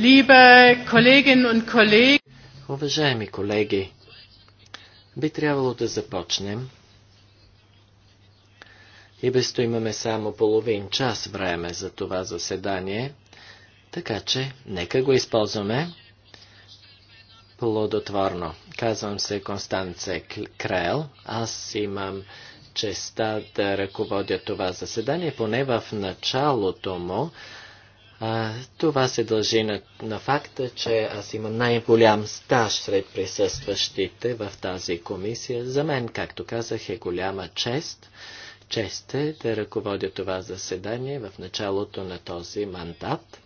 Liebe Kolleginnen und Kollegen, Уважаеми колеги, би трябвало да започнем. И без то имаме само половин час време за това заседание, така че нека го използваме плодотворно. Казвам се Констанце Крел. Аз имам честа да ръководя това заседание, поне в началото му а, това се дължи на, на факта, че аз имам най-голям стаж сред присъстващите в тази комисия. За мен, както казах, е голяма чест. Чест е да ръководя това заседание в началото на този мандат.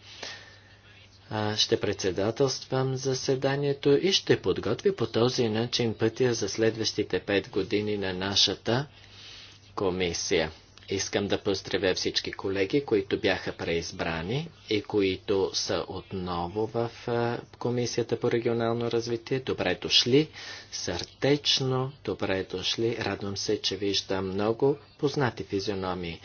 А, ще председателствам заседанието и ще подготвя по този начин пътя за следващите пет години на нашата комисия. Искам да поздравя всички колеги, които бяха преизбрани и които са отново в Комисията по регионално развитие. Добре дошли, сърдечно добре дошли. Радвам се, че виждам много познати физиономии.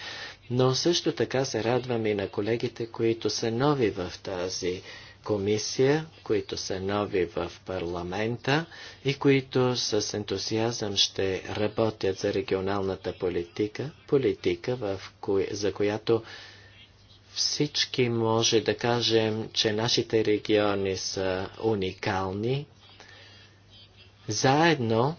Но също така се радвам и на колегите, които са нови в тази комисия, които са нови в парламента и които с ентусиазъм ще работят за регионалната политика, политика в кои, за която всички може да кажем, че нашите региони са уникални. Заедно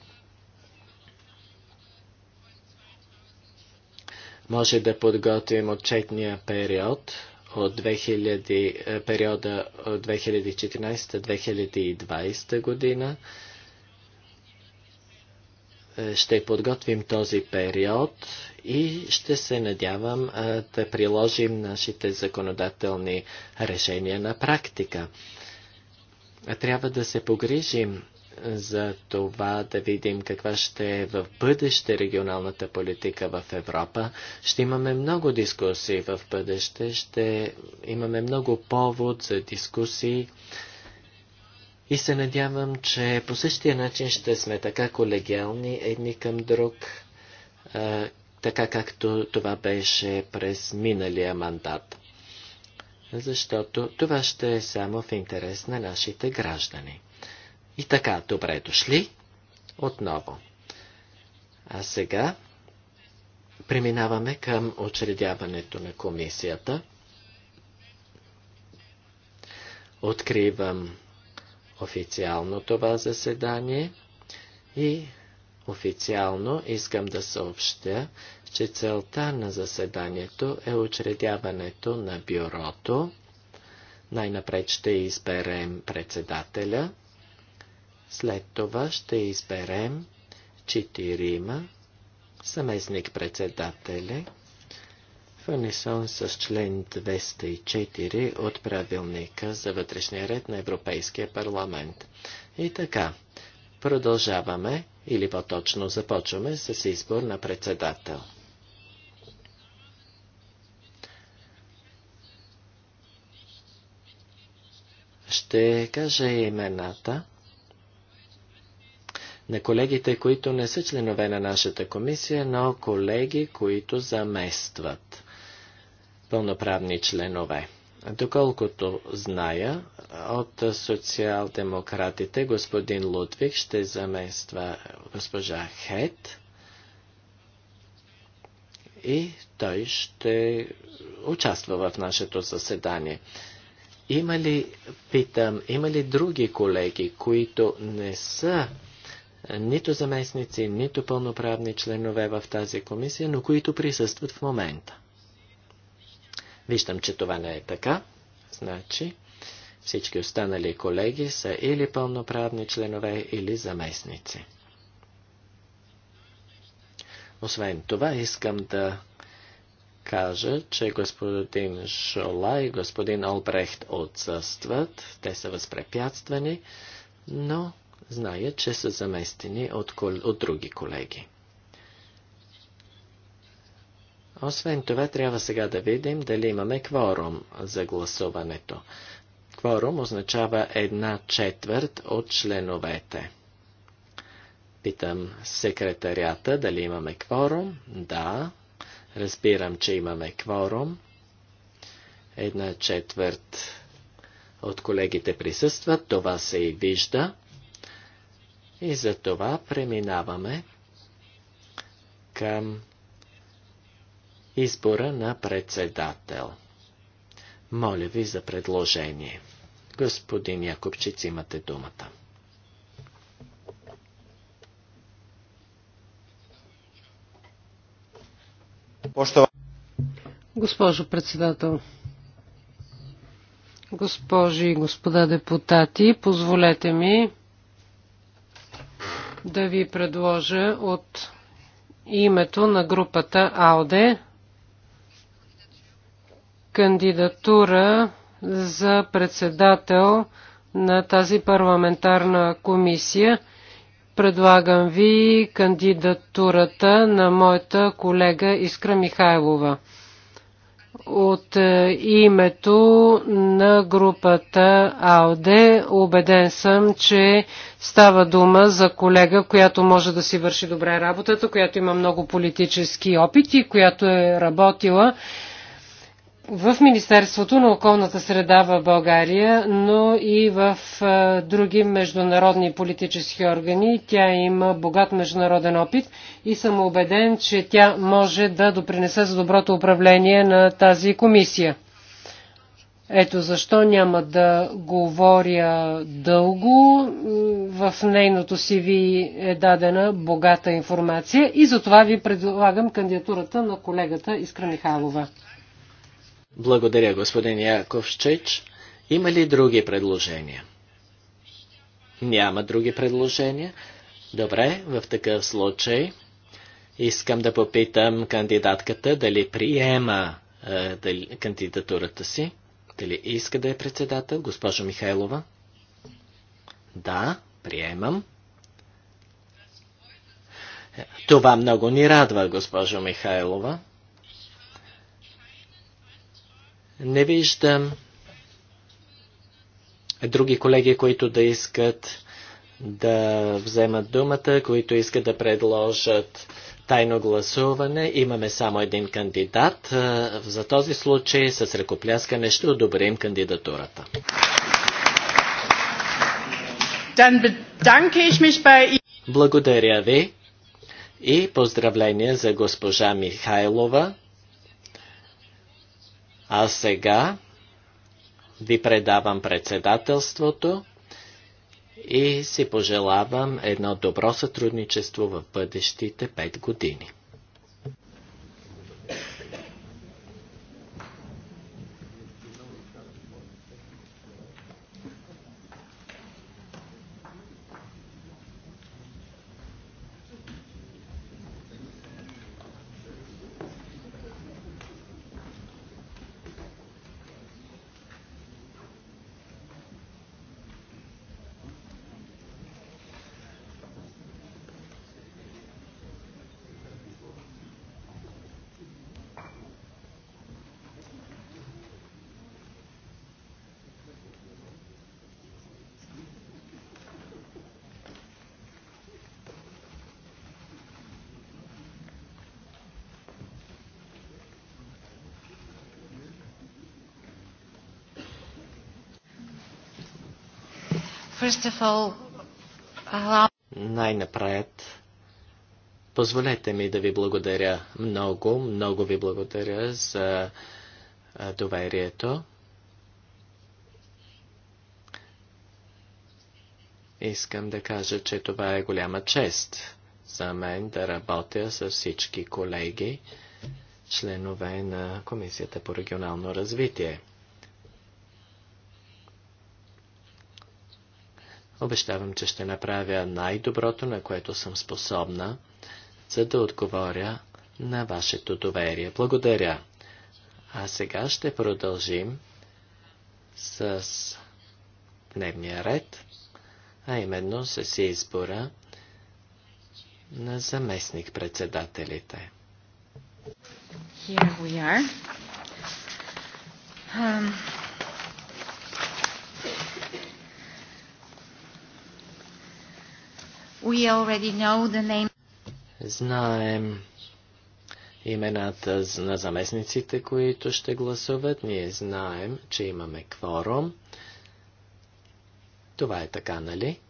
може да подготвим отчетния период – от 2000, е, периода от 2014-2020 година. Е, ще подготвим този период и ще се надявам е, да приложим нашите законодателни решения на практика. Трябва да се погрижим за това да видим каква ще е в бъдеще регионалната политика в Европа. Ще имаме много дискусии в бъдеще, ще имаме много повод за дискусии и се надявам, че по същия начин ще сме така колегиални едни към друг, така както това беше през миналия мандат. Защото това ще е само в интерес на нашите граждани. И така, добре дошли отново. А сега преминаваме към очредяването на комисията. Откривам официално това заседание и официално искам да съобщя, че целта на заседанието е учредяването на бюрото. Най-напред ще изберем председателя след това ще изберем четирима съместник-председатели в унисон с член 204 от правилника за вътрешния ред на Европейския парламент. И така, продължаваме или по-точно започваме с избор на председател. Ще кажа имената на колегите, които не са членове на нашата комисия, но колеги, които заместват пълноправни членове. Доколкото зная, от социал-демократите господин Лудвиг ще замества госпожа Хет и той ще участва в нашето заседание. Има ли, питам, има ли други колеги, които не са е, нито заместници, нито пълноправни членове в тази комисия, но които присъстват в момента. Виждам, че това не е така. Значи, всички останали колеги са или пълноправни членове, или заместници. Освен това, искам да кажа, че господин Шола и господин Олбрехт отсъстват. Те са възпрепятствани, но зная, че са заместени от, кол... от други колеги. Освен това, трябва сега да видим дали имаме кворум за гласуването. Кворум означава една четвърт от членовете. Питам секретарята дали имаме кворум. Да, разбирам, че имаме кворум. Една четвърт от колегите присъстват, това се и вижда. И за това преминаваме към избора на председател. Моля ви за предложение. Господин Якобчиц, имате думата. Госпожо председател, госпожи и господа депутати, позволете ми да ви предложа от името на групата АЛДЕ кандидатура за председател на тази парламентарна комисия. Предлагам ви кандидатурата на моята колега Искра Михайлова от е, името на групата АОДЕ. Обеден съм, че става дума за колега, която може да си върши добре работата, която има много политически опити, която е работила в Министерството на околната среда в България, но и в други международни политически органи. Тя има богат международен опит и съм убеден, че тя може да допринесе за доброто управление на тази комисия. Ето защо няма да говоря дълго. В нейното си ви е дадена богата информация и затова ви предлагам кандидатурата на колегата Искра Михайлова. Благодаря, господин Яковчич. Има ли други предложения? Няма други предложения. Добре, в такъв случай искам да попитам кандидатката дали приема е, дали, кандидатурата си, дали иска да е председател, госпожо Михайлова. Да, приемам. Е, това много ни радва, госпожо Михайлова. Не виждам други колеги, които да искат да вземат думата, които искат да предложат тайно гласуване. Имаме само един кандидат. За този случай с ръкопляскане ще одобрим кандидатурата. Благодаря ви и поздравления за госпожа Михайлова. А сега ви предавам председателството и си пожелавам едно добро сътрудничество в бъдещите пет години. Uh, Най-напред, позволете ми да ви благодаря много, много ви благодаря за доверието. Искам да кажа, че това е голяма чест за мен да работя с всички колеги, членове на Комисията по регионално развитие. Обещавам, че ще направя най-доброто, на което съм способна, за да отговоря на вашето доверие. Благодаря. А сега ще продължим с дневния ред, а именно с избора на заместник-председателите. Here we are. Um... We already know the name. Знаем имената на заместниците, които ще гласуват. Ние знаем, че имаме кворум. Това е така, нали?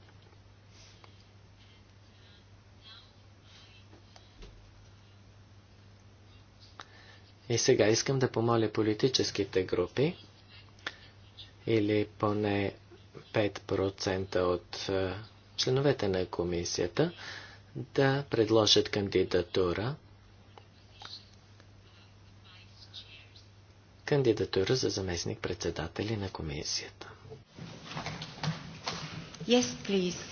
И сега искам да помоля политическите групи или поне 5% от е, членовете на комисията да предложат кандидатура кандидатура за заместник-председатели на комисията. Yes, please.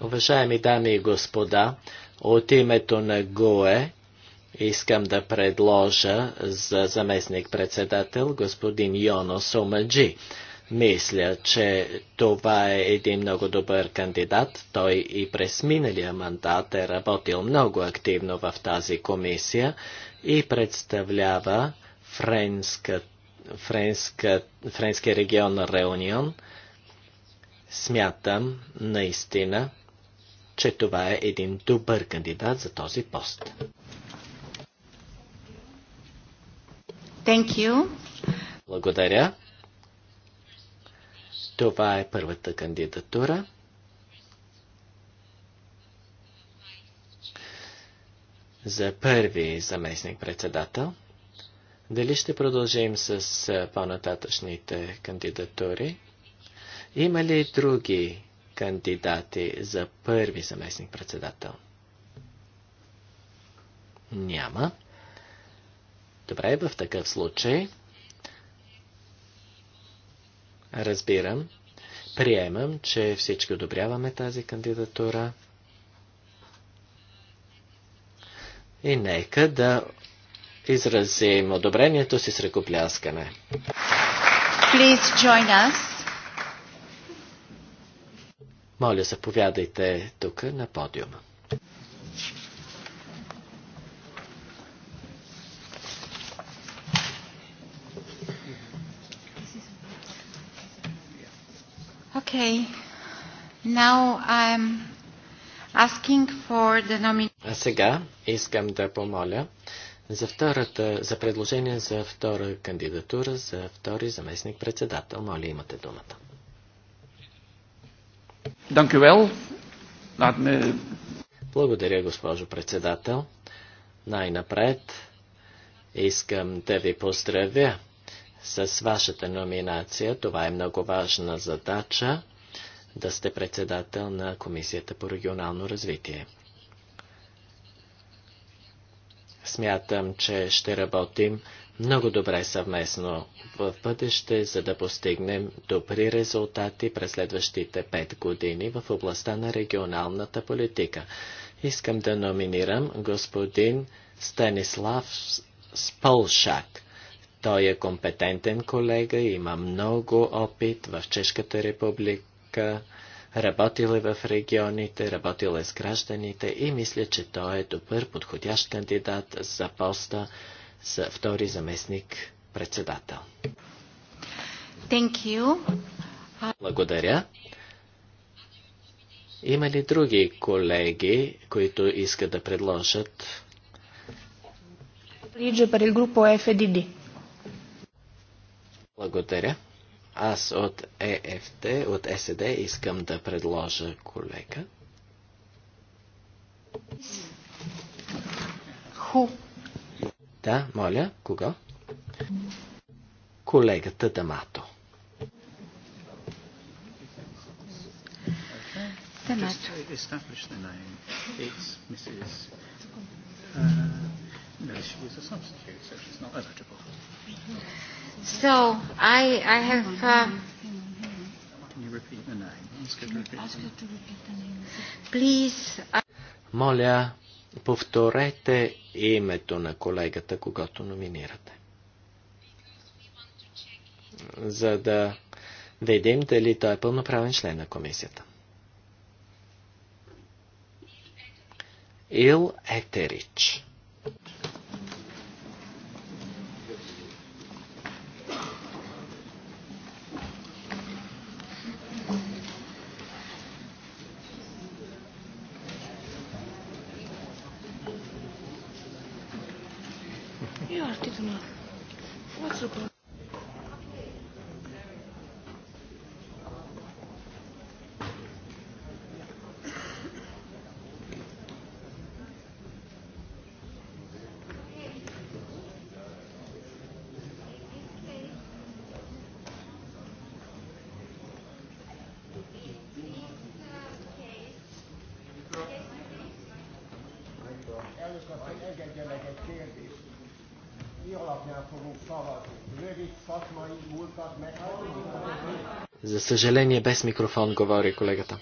Уважаеми дами и господа, от името на ГОЕ искам да предложа за заместник-председател господин Йоно Сомаджи. Мисля, че това е един много добър кандидат. Той и през миналия мандат е работил много активно в тази комисия и представлява френска, френска, френския регион на Реунион. Смятам наистина, че това е един добър кандидат за този пост. Thank you. Благодаря. Това е първата кандидатура. За първи заместник-председател. Дали ще продължим с по-нататъчните кандидатури? Има ли други кандидати за първи заместник-председател? Няма. Добре, в такъв случай разбирам, приемам, че всички одобряваме тази кандидатура и нека да изразим одобрението си с ръкопляскане. Please join us. Моля, заповядайте тук на подиума. Okay. Now I'm asking for the А сега искам да помоля за, втората, за предложение за втора кандидатура за втори заместник председател. Моля, имате думата. me... Благодаря, госпожо председател. Най-напред искам да ви поздравя с вашата номинация. Това е много важна задача да сте председател на Комисията по регионално развитие. Смятам, че ще работим много добре съвместно в бъдеще, за да постигнем добри резултати през следващите пет години в областта на регионалната политика. Искам да номинирам господин Станислав Сполшак. Той е компетентен колега, и има много опит в Чешката република, човека, работил е в регионите, работил е с гражданите и мисля, че той е добър, подходящ кандидат за поста за втори заместник председател. Thank you. Благодаря. Има ли други колеги, които искат да предложат? Е Благодаря. Аз от ЕФТ, от СД искам да предложа колега. Ху. Да, моля, кога? Колегата Дамато. Дамато. So I, I have. Uh, Can you repeat the name? Ask her to repeat the name. Please. Uh... Моля, повторете името на колегата, когато номинирате. За да видим дали той е пълноправен член на комисията. Ил Етерич. съжаление, без микрофон говори колегата.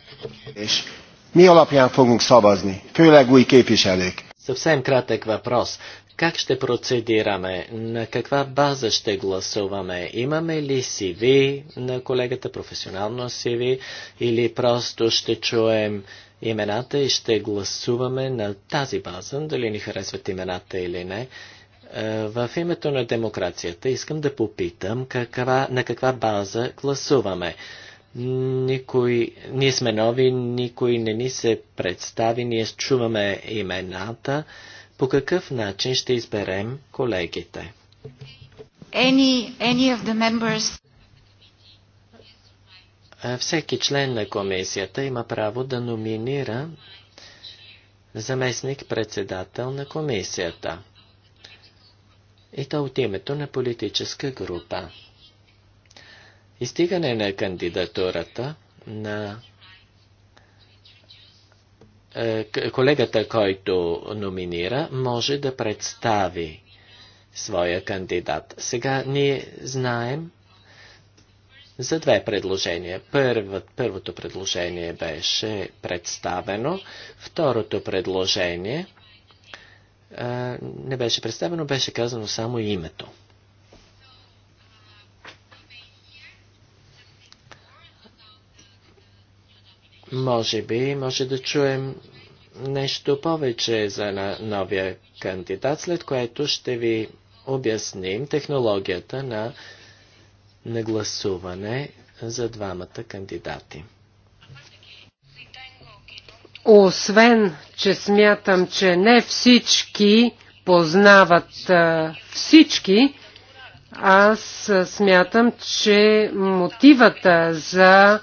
Ми alapján фогунг сабазни, főleg új képviselők. Съвсем кратък въпрос. Как ще процедираме? На каква база ще гласуваме? Имаме ли CV на колегата, професионално CV, или просто ще чуем имената и ще гласуваме на тази база, дали ни харесват имената или не? Е, в името на демокрацията искам да попитам каква, на каква база гласуваме. Никой, ние сме нови, никой не ни се представи, ние чуваме имената. По какъв начин ще изберем колегите? Any, any of the members... Е, всеки член на комисията има право да номинира заместник-председател на комисията. И то от името на политическа група. Изтигане на кандидатурата на е, колегата, който номинира, може да представи своя кандидат. Сега ние знаем за две предложения. Първо, първото предложение беше представено, второто предложение – не беше представено, беше казано само името. Може би, може да чуем нещо повече за новия кандидат, след което ще ви обясним технологията на, на гласуване за двамата кандидати. Освен, че смятам, че не всички познават всички, аз смятам, че мотивата за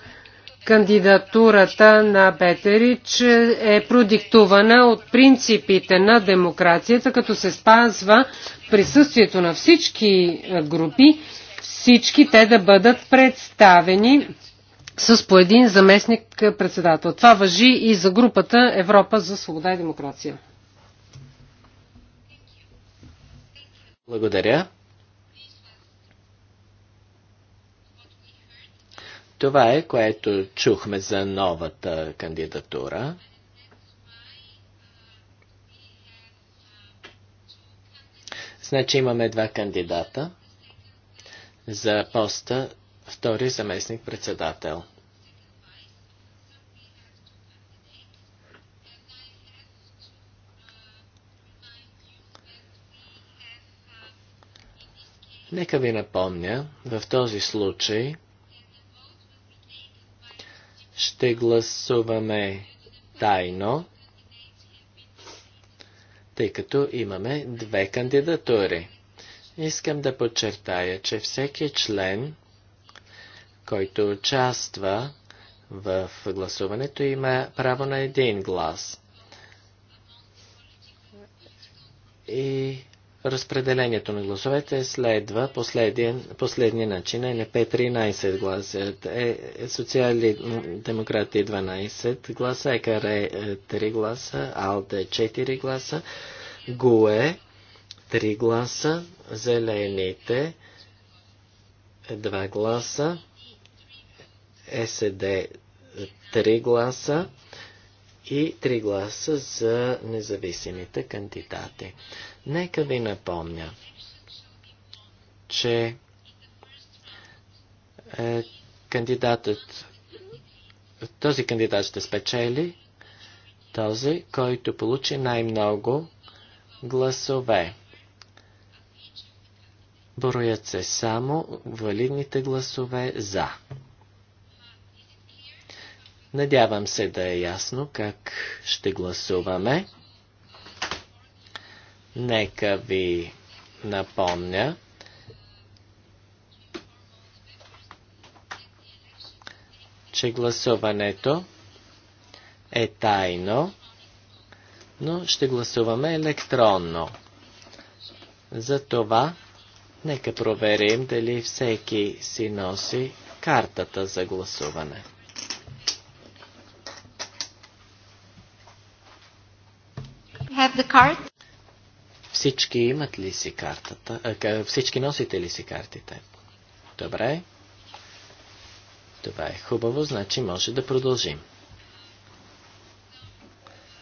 кандидатурата на Бетерич е продиктувана от принципите на демокрацията, като се спазва присъствието на всички групи, всички те да бъдат представени с по един заместник председател. Това въжи и за групата Европа за свобода и демокрация. Благодаря. Това е, което чухме за новата кандидатура. Значи имаме два кандидата за поста втори заместник-председател. Нека ви напомня, в този случай ще гласуваме тайно, тъй като имаме две кандидатури. Искам да подчертая, че всеки член който участва в гласуването, има право на един глас. И разпределението на гласовете следва последния, последния начин. НП 13 гласа, е, социали демократи 12 гласа, ЕКР 3 е, е, гласа, АЛДЕ 4 гласа, ГУЕ 3 гласа, Зелените 2 гласа, СД 3 гласа и 3 гласа за независимите кандидати. Нека ви напомня, че е, кандидатът, този кандидат ще спечели този, който получи най-много гласове. Броят се само валидните гласове за. Надявам се да е ясно как ще гласуваме. Нека ви напомня, че гласуването е тайно, но ще гласуваме електронно. Затова нека проверим дали всеки си носи картата за гласуване. the card? Всички имат ли си картата? А, всички носите ли си картите? Добре. Това е хубаво, значи може да продължим.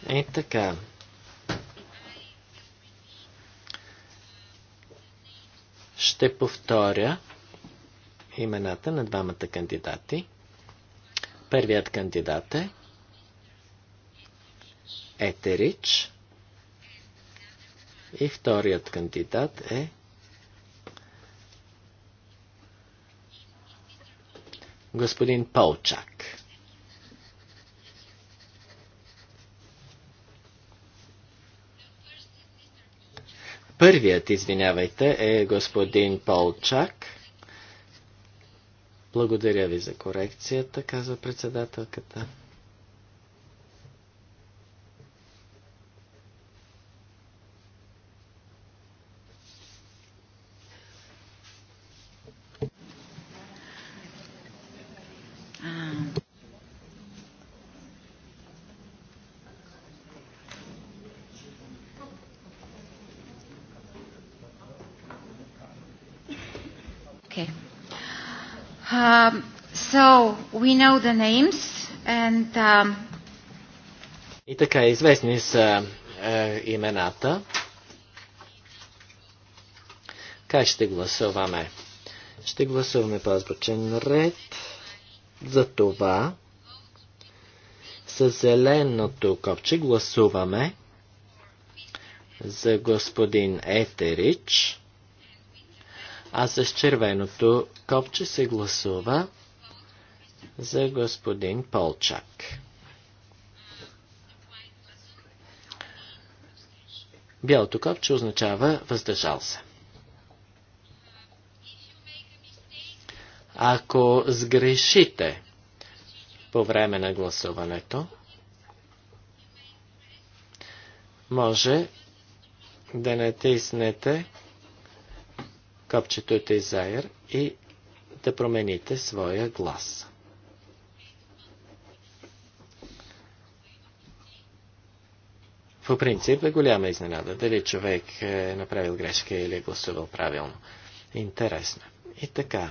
Е така. Ще повторя имената на двамата кандидати. Първият кандидат е Етерич. И вторият кандидат е господин Полчак. Първият, извинявайте, е господин Полчак. Благодаря ви за корекцията, казва председателката. we know the names and, um... И така, известни са е, имената. Как ще гласуваме? Ще гласуваме по азбучен ред. За това с зеленото копче гласуваме за господин Етерич, а с червеното копче се гласува за господин Полчак. Бялото копче означава въздържал се. Ако сгрешите по време на гласуването, може да натиснете копчето Тезайер и да промените своя глас. по принцип е голяма изненада дали човек е направил грешка или е гласувал правилно. Интересно. И така.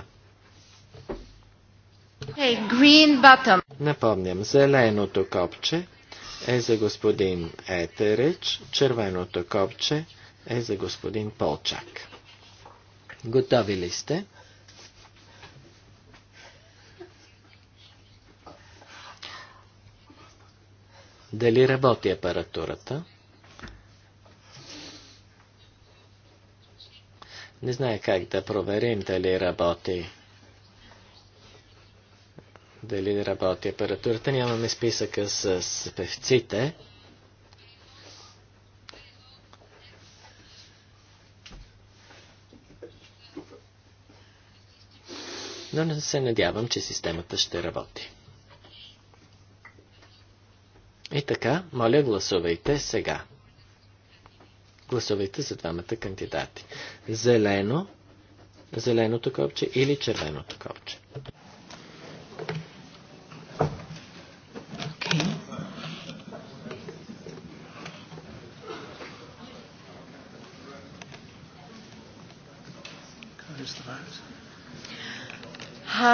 Hey, green button. Напомням, зеленото копче е за господин Етерич, червеното копче е за господин Полчак. Готови ли сте? дали работи апаратурата. Не знае как да проверим дали работи дали работи апаратурата. Нямаме списъка с, с певците. Но не се надявам, че системата ще работи. И така, моля, гласувайте сега. Гласувайте за двамата кандидати. Зелено, зеленото копче или червеното копче.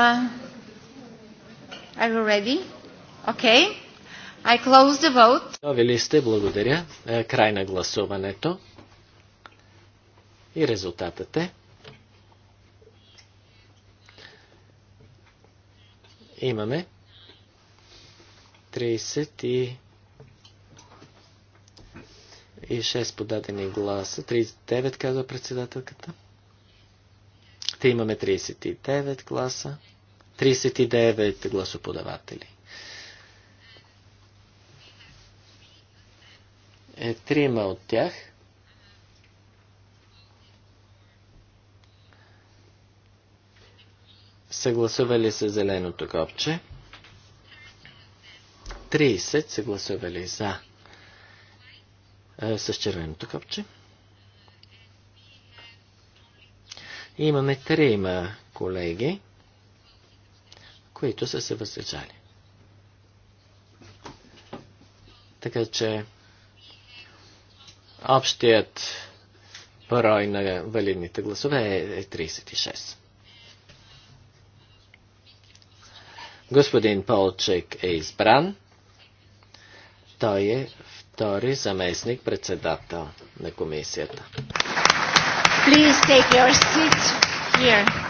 Uh, are you ready? Okay. I close the vote. Довели сте, благодаря. Е, край на гласуването. И резултатът е. Имаме 36 подадени гласа. 39, казва председателката. Те имаме 39 гласа. 39 гласоподаватели. е, трима от тях са с зеленото копче, 30 са гласували за е, с червеното копче. И имаме трима колеги, които са се въздържали. Така че Общият брой на валидните гласове е 36. Е Господин Полчек е избран. Той е втори заместник председател на комисията. Please take your seat here.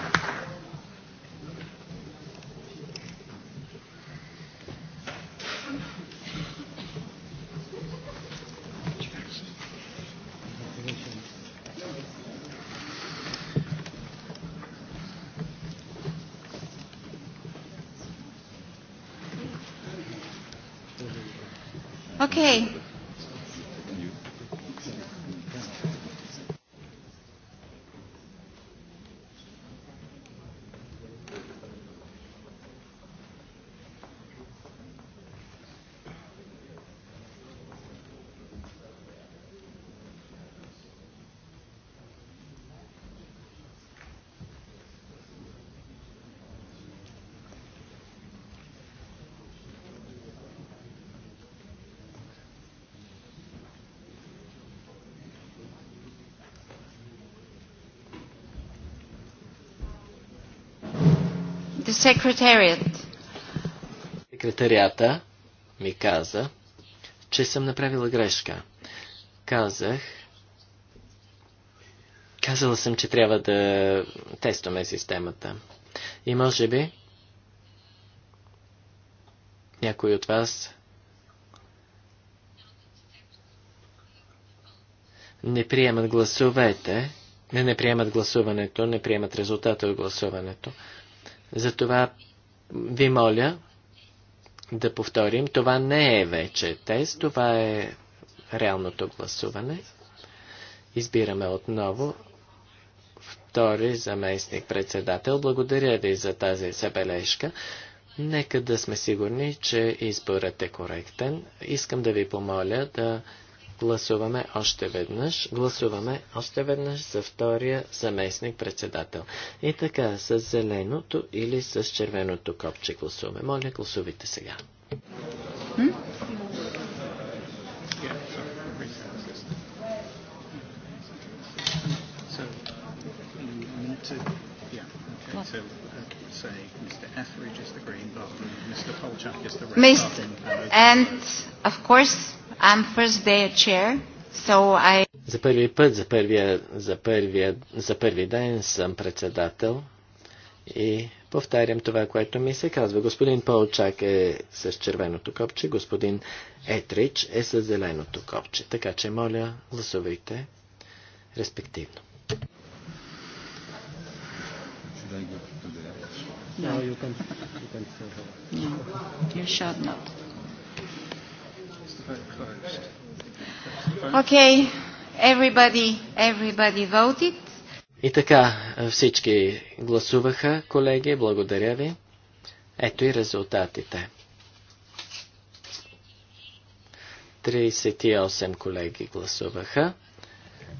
Секретарият. Секретарията ми каза, че съм направила грешка. Казах, казала съм, че трябва да тестваме системата. И може би някой от вас не приемат гласовете, не, не приемат гласуването, не приемат резултата от гласуването. Затова ви моля да повторим, това не е вече тест, това е реалното гласуване. Избираме отново втори заместник председател. Благодаря ви за тази забележка. Нека да сме сигурни, че изборът е коректен. Искам да ви помоля да Гласуваме още веднъж. Гласуваме още веднъж за втория заместник председател. И така, с зеленото или с червеното копче гласуваме. Моля, гласувайте сега. okay say Mr. Etheridge is the green button, Mr. Polchak is the red button. And of course, I'm first day chair, so I... За първи път, за първия, за, първия, за първи ден съм председател и повтарям това, което ми се казва. Господин Полчак е с червеното копче, господин Етрич е с зеленото копче. Така че, моля, гласувайте респективно. Thank you. No, you can, you can No, you not. Okay, everybody, everybody voted. И така, всички гласуваха, колеги, благодаря ви. Ето и резултатите. 38 колеги гласуваха,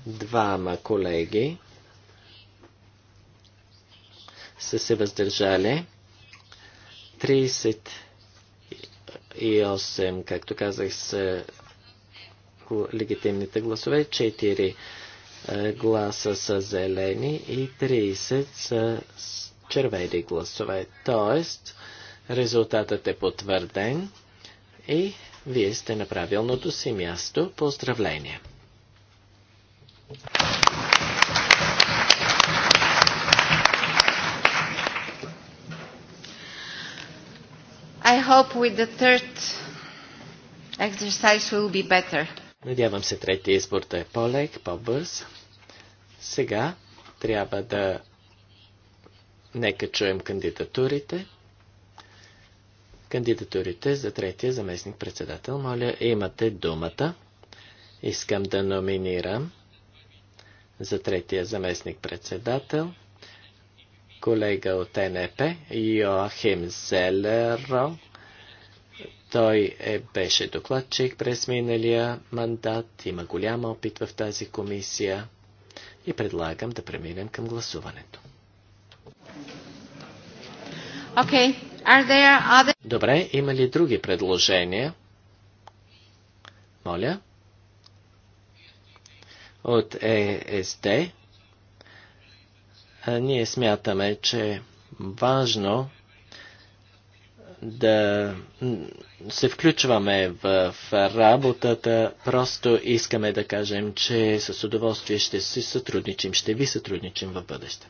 двама колеги са се въздържали. 38, както казах, са легитимните гласове, 4 гласа са зелени и 30 са червени гласове. Тоест, резултатът е потвърден и вие сте на правилното си място. Поздравление! hope with the third exercise will be better. Надявам се третия избор да е по лег по-бърз. Сега трябва да нека чуем кандидатурите. Кандидатурите за третия заместник председател. Моля, имате думата. Искам да номинирам за третия заместник председател колега от НП Йоахим Зелеро. Той е, беше докладчик през миналия мандат, има голяма опит в тази комисия и предлагам да преминем към гласуването. Okay. Are there other... Добре, има ли други предложения? Моля. От ЕСД. Ние смятаме, че важно да се включваме в работата, просто искаме да кажем, че с удоволствие ще си сътрудничим, ще ви сътрудничим в бъдеще.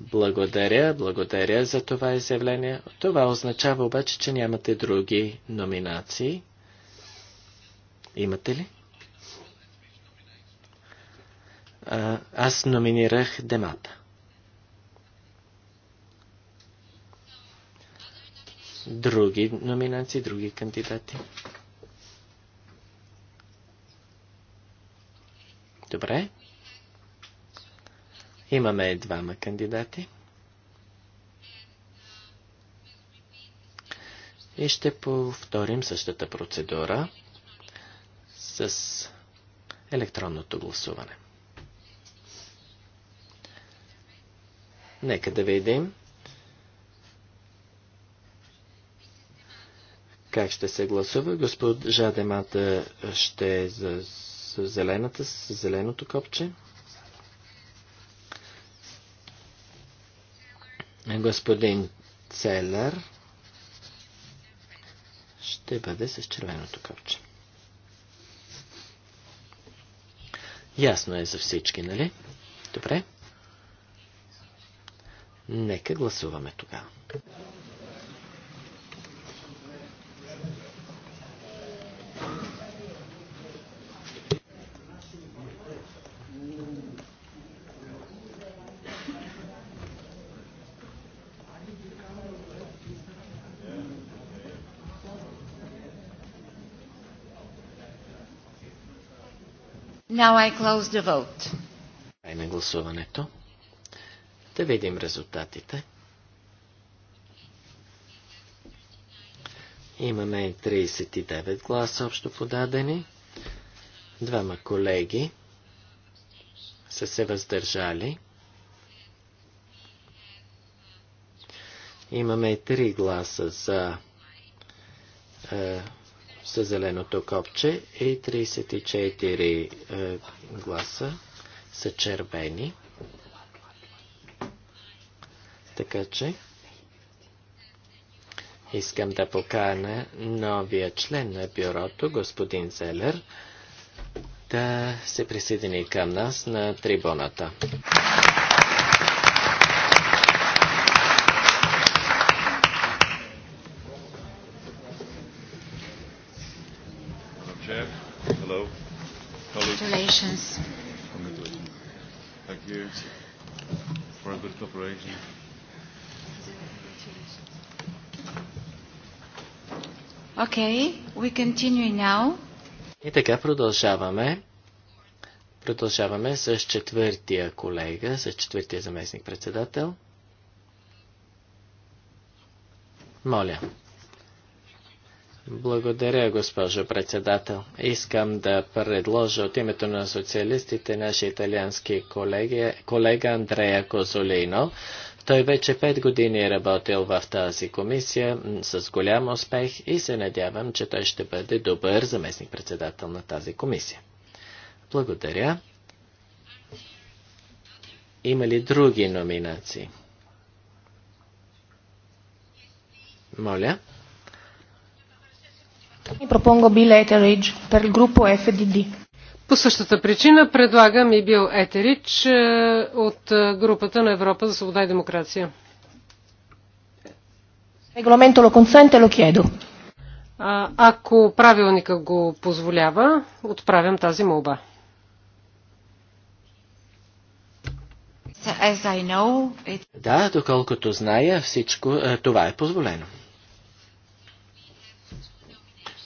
Благодаря, благодаря за това изявление. Това означава обаче, че нямате други номинации. Имате ли? А, аз номинирах Демата. други номинации, други кандидати? Добре. Имаме двама кандидати. И ще повторим същата процедура с електронното гласуване. Нека да видим Как ще се гласува? Госпожа Демата ще е за, за зелената, с зеленото копче. Господин Целер ще бъде с червеното копче. Ясно е за всички, нали? Добре. Нека гласуваме тогава. Now I close the vote. на гласуването. Да видим резултатите. Имаме 39 гласа общо подадени. Двама колеги са се въздържали. Имаме 3 гласа за е, за зеленото копче и 34 е, гласа са червени. Така че искам да покана новия член на бюрото, господин Зелер, да се присъедини към нас на трибуната. Congratulations. Thank you for a good cooperation. Okay, we continue now. И така продължаваме. Продължаваме с четвъртия колега, с четвъртия заместник председател. Моля. Благодаря, госпожо председател. Искам да предложа от името на социалистите нашия италиански колеги, колега Андрея Козолино. Той вече пет години е работил в тази комисия с голям успех и се надявам, че той ще бъде добър заместник-председател на тази комисия. Благодаря. Има ли други номинации? Моля. По същата причина предлагам и Бил Етерич е, от е, групата на Европа за свобода и демокрация. Регламентът го консенте, го кедо. Ако правилника го позволява, отправям тази молба. Да, доколкото зная, всичко е, това е позволено.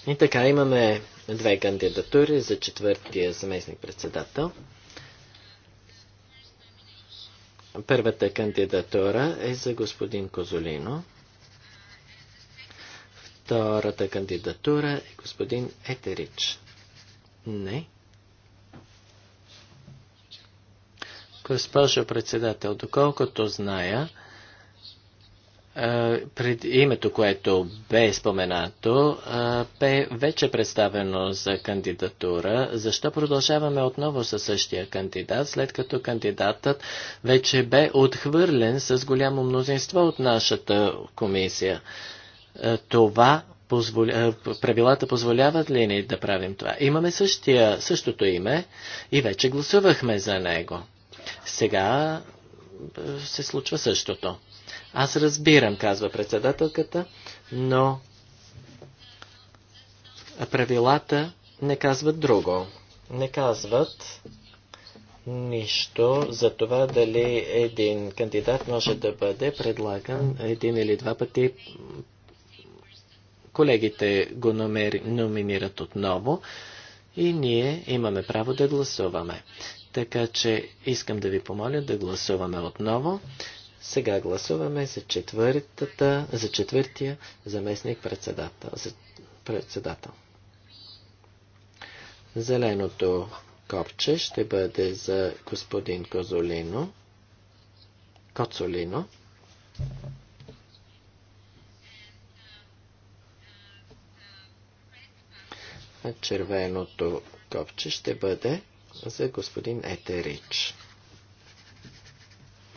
И така, имаме две кандидатури за четвъртия заместник председател. Първата кандидатура е за господин Козолино. Втората кандидатура е господин Етерич. Не. Госпожо председател, доколкото зная, пред името, което бе споменато, бе вече представено за кандидатура. Защо продължаваме отново със същия кандидат, след като кандидатът вече бе отхвърлен с голямо мнозинство от нашата комисия? Това позволя... правилата позволяват ли ни да правим това? Имаме същия, същото име и вече гласувахме за него. Сега се случва същото. Аз разбирам, казва председателката, но правилата не казват друго. Не казват нищо за това дали един кандидат може да бъде предлаган един или два пъти. Колегите го номинират отново и ние имаме право да гласуваме. Така че искам да ви помоля да гласуваме отново. Сега гласуваме за, четвъртата, за четвъртия заместник председател. За председател. Зеленото копче ще бъде за господин Козолино. Коцолино. А червеното копче ще бъде за господин Етерич.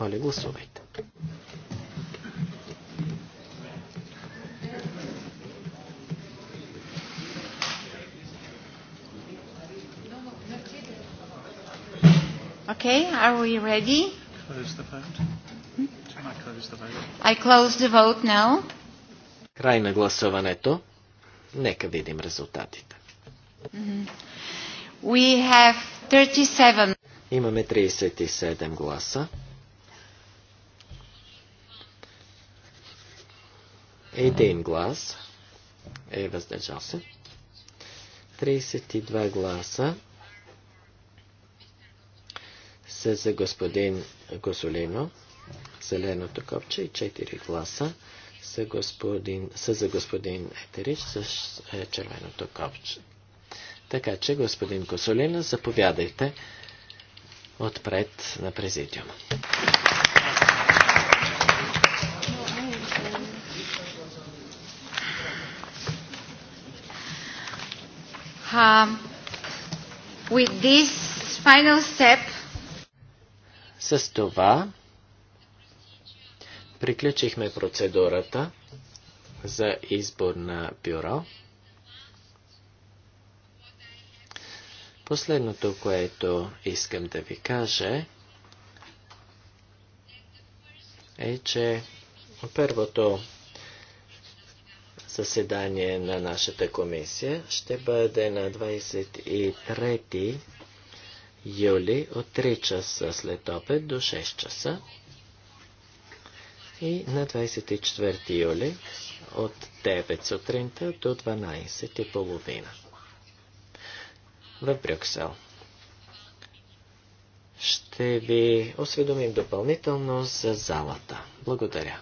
Моля, гласувайте. Okay, are we ready? Close the vote. Hmm? I close the vote. I close the vote now. Край на гласуването. Нека видим резултатите. Mm -hmm. We have 37. Имаме 37 гласа. Един глас е въздържал се. 32 гласа са за господин Госолино, зеленото копче и 4 гласа са, господин, за господин Етерич с е, червеното копче. Така че, господин Косолина, заповядайте отпред на президиум. Uh, um, with this final step, с това приключихме процедурата за избор на бюро. Последното, което искам да ви кажа, е, че първото заседание на нашата комисия ще бъде на 23 юли от 3 часа след обед до 6 часа и на 24 юли от 9 сутринта до 12.30 в Брюксел. Ще ви осведомим допълнително за залата. Благодаря.